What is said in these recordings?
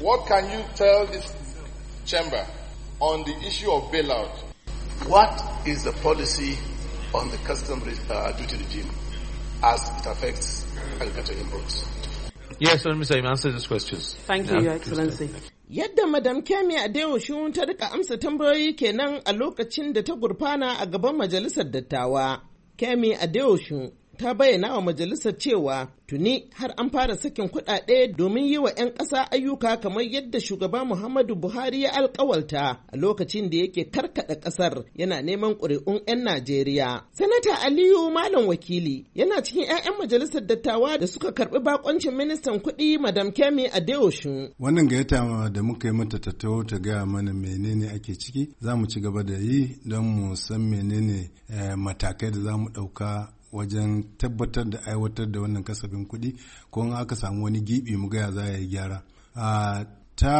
What can you tell this chamber on the issue of bailout? What is the policy on the custom uh, duty regime as it affects agricultural imports? Yes, let me say, answer these questions. Thank you, yeah. Your Excellency. Yadda Madam Kemi Adeoshun ta rika amsa tambayoyi kenan a lokacin da ta gurfana a gaban Majalisar Dattawa. Kemi Adeoshun ta bayyana wa majalisar cewa tuni har an fara sakin kuɗaɗe domin yi wa 'yan ƙasa ayyuka kamar yadda shugaba Muhammadu Buhari ya alkawalta a lokacin da yake karkaɗa ƙasar yana neman ƙuri'un 'yan Najeriya. Sanata Aliyu Malam Wakili yana cikin 'ya'yan majalisar dattawa da suka karɓi bakoncin ministan kuɗi Madam Kemi Adeoshun. Wannan gayyata da muka yi mata tattawo ta gaya mana menene ake ciki za mu ci gaba da yi don mu san menene eh, matakai da za mu ɗauka wajen tabbatar da aiwatar da wannan kasafin kuɗi ko in aka samu wani gibi mu gaya za a yi gyara ta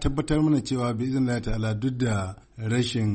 tabbatar mana cewa bi izin ta'ala duk da rashin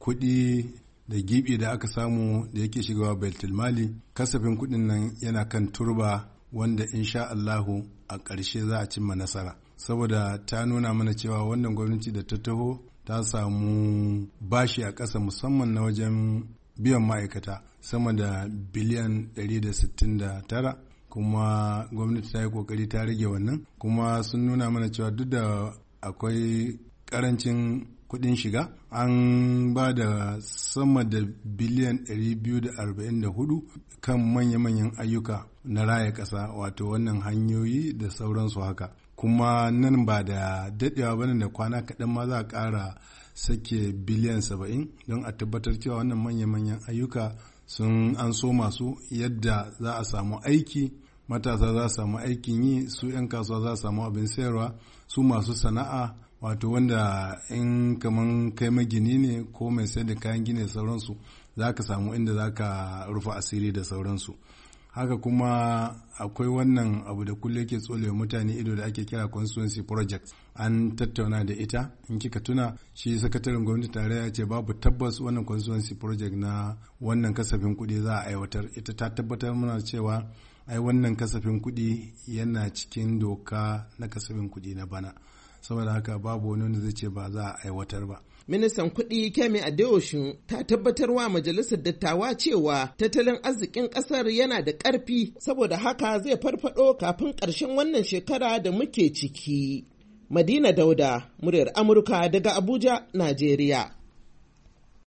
kuɗi da giɓi da aka samu da yake shigawa baitul mali kasafin kuɗin nan yana kan turba wanda insha Allahu a ƙarshe za a cimma nasara saboda ta nuna mana cewa wannan gwamnati da ta taho ta samu bashi a ƙasa musamman na wajen biyan ma'aikata sama da biliyan 169 kuma gwamnati ta yi kokari ta rage wannan kuma sun nuna mana cewa duk da akwai karancin kudin shiga an ba da sama da biliyan 244 kan manya-manyan ayyuka na raya ƙasa wato wannan hanyoyi da sauransu haka kuma nan ba da daɗewa ba da kwana kaɗan ma za a ƙara sake biliyan saba'in don a tabbatar cewa wannan manya-manyan ayyuka sun an so masu yadda za a samu aiki matasa za a samu aikin yi su 'yan kasuwa za a samu abin sayarwa su masu sana'a wato wanda in kamar kai magini ne ko mai sayar da kayan gine sauransu za ka samu inda za ka rufe asiri da sauransu haka kuma akwai wannan abu da kullum yake tsole mutane ido da ake kira constituency project an tattauna da ita in kika tuna shi sakataren gwamnati tare ya ce babu tabbas wannan constituency project na wannan kasafin kuɗi za a aiwatar ita ta tabbatar mana cewa ai wannan kasafin kuɗi yana cikin doka na kasafin kuɗi na bana saboda haka babu wani wanda zai ce ba za a aiwatar ba ministan kuɗi kemi adeoshun ta tabbatar wa majalisar dattawa cewa tattalin arzikin ƙasar yana da ƙarfi saboda haka zai farfado kafin ƙarshen wannan shekara da muke ciki madina dauda muryar amurka daga abuja najeriya